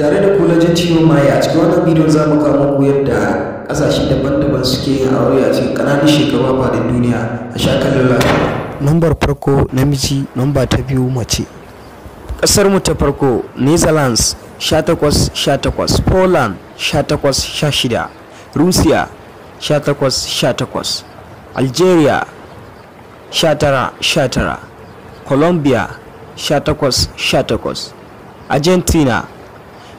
tare da kula ciwon maye a cikin wannan bidiyon za mu kawo muku yadda kasashe daban-daban suke yin aure a cikin ƙananan shekaru a faɗin duniya a shakalin lafiya. Nambar farko namiji, namba ta biyu mace. Ƙasar mu ta farko Netherlands 18 Poland 18 Russia 18 Algeria 19 Colombia 18-18, Argentina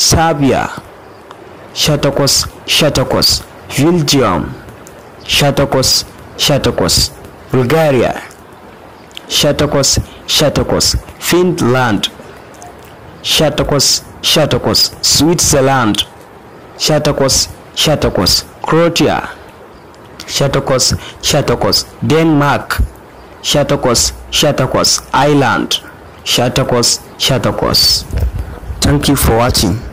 serbia 18-18 belgium 18-18 bulgaria 18-18 finland 18-18 switzerland 18-18 croatia 18-18 denmark 18-18 ireland 18-18 thank you for watching